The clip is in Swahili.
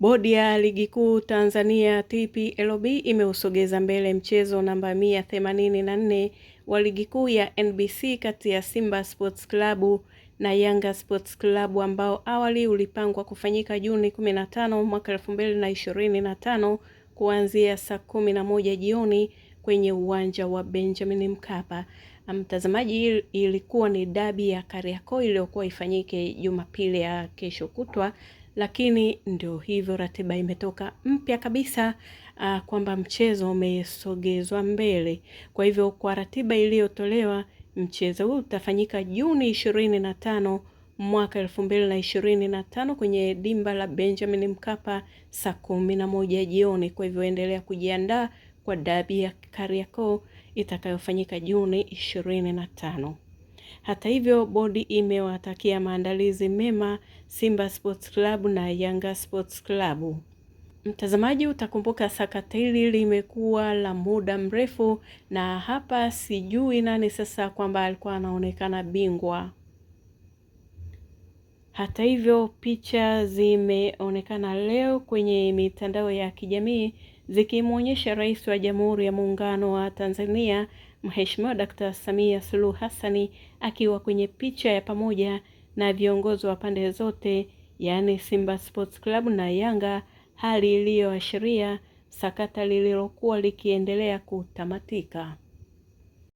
Bodi ya Ligi Kuu Tanzania TPLB imeusogeza mbele mchezo namba 184 wa Ligi Kuu ya NBC kati ya Simba Sports Club na Yanga Sports Club ambao awali ulipangwa kufanyika Juni 15 mwaka 2025 kuanzia saa kumi na moja jioni kwenye uwanja wa Benjamin Mkapa. Mtazamaji, ilikuwa ni dabi ya Kariakoo iliyokuwa ifanyike Jumapili ya kesho kutwa lakini ndio hivyo, ratiba imetoka mpya kabisa uh, kwamba mchezo umesogezwa mbele. Kwa hivyo kwa ratiba iliyotolewa mchezo huu utafanyika Juni ishirini na tano mwaka elfu mbili na ishirini na tano kwenye dimba la Benjamin Mkapa saa kumi na moja jioni. Kwa hivyo endelea kujiandaa kwa dabi ya Kariakoo itakayofanyika Juni ishirini na tano. Hata hivyo, bodi imewatakia maandalizi mema Simba Sports Club na Yanga Sports Club. Mtazamaji utakumbuka sakata hili limekuwa la muda mrefu, na hapa sijui nani sasa kwamba alikuwa anaonekana bingwa. Hata hivyo, picha zimeonekana leo kwenye mitandao ya kijamii zikimwonyesha Rais wa Jamhuri ya Muungano wa Tanzania Mheshimiwa Dkt. Samia Suluhu Hassani akiwa kwenye picha ya pamoja na viongozi wa pande zote yaani Simba Sports Club na Yanga, hali iliyoashiria sakata lililokuwa likiendelea kutamatika.